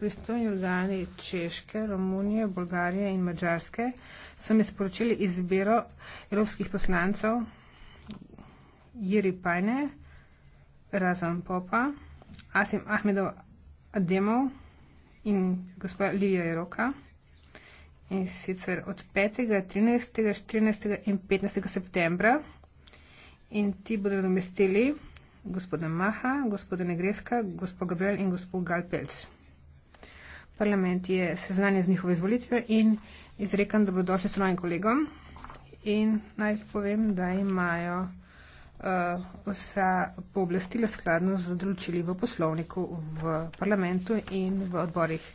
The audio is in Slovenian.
pristojni organi Češke, Romunije, Bolgarije in Mačarske so mi sporočili izbiro evropskih poslancev Jiri Pajne, Razan Popa, Asim Ahmedov Ademov in gospoda Livija Jeroka. In sicer od 5., 13., 14. in 15. septembra. In ti bodo nadomestili gospoda Maha, gospoda Negreska, gospod Gabriel in gospod Galpelc parlament je seznanjen z njihovo izvolitvijo in izrekam dobrodošli s svojim kolegom. In naj povem, da imajo uh, vsa pooblastila skladno z določili v poslovniku v parlamentu in v odborih.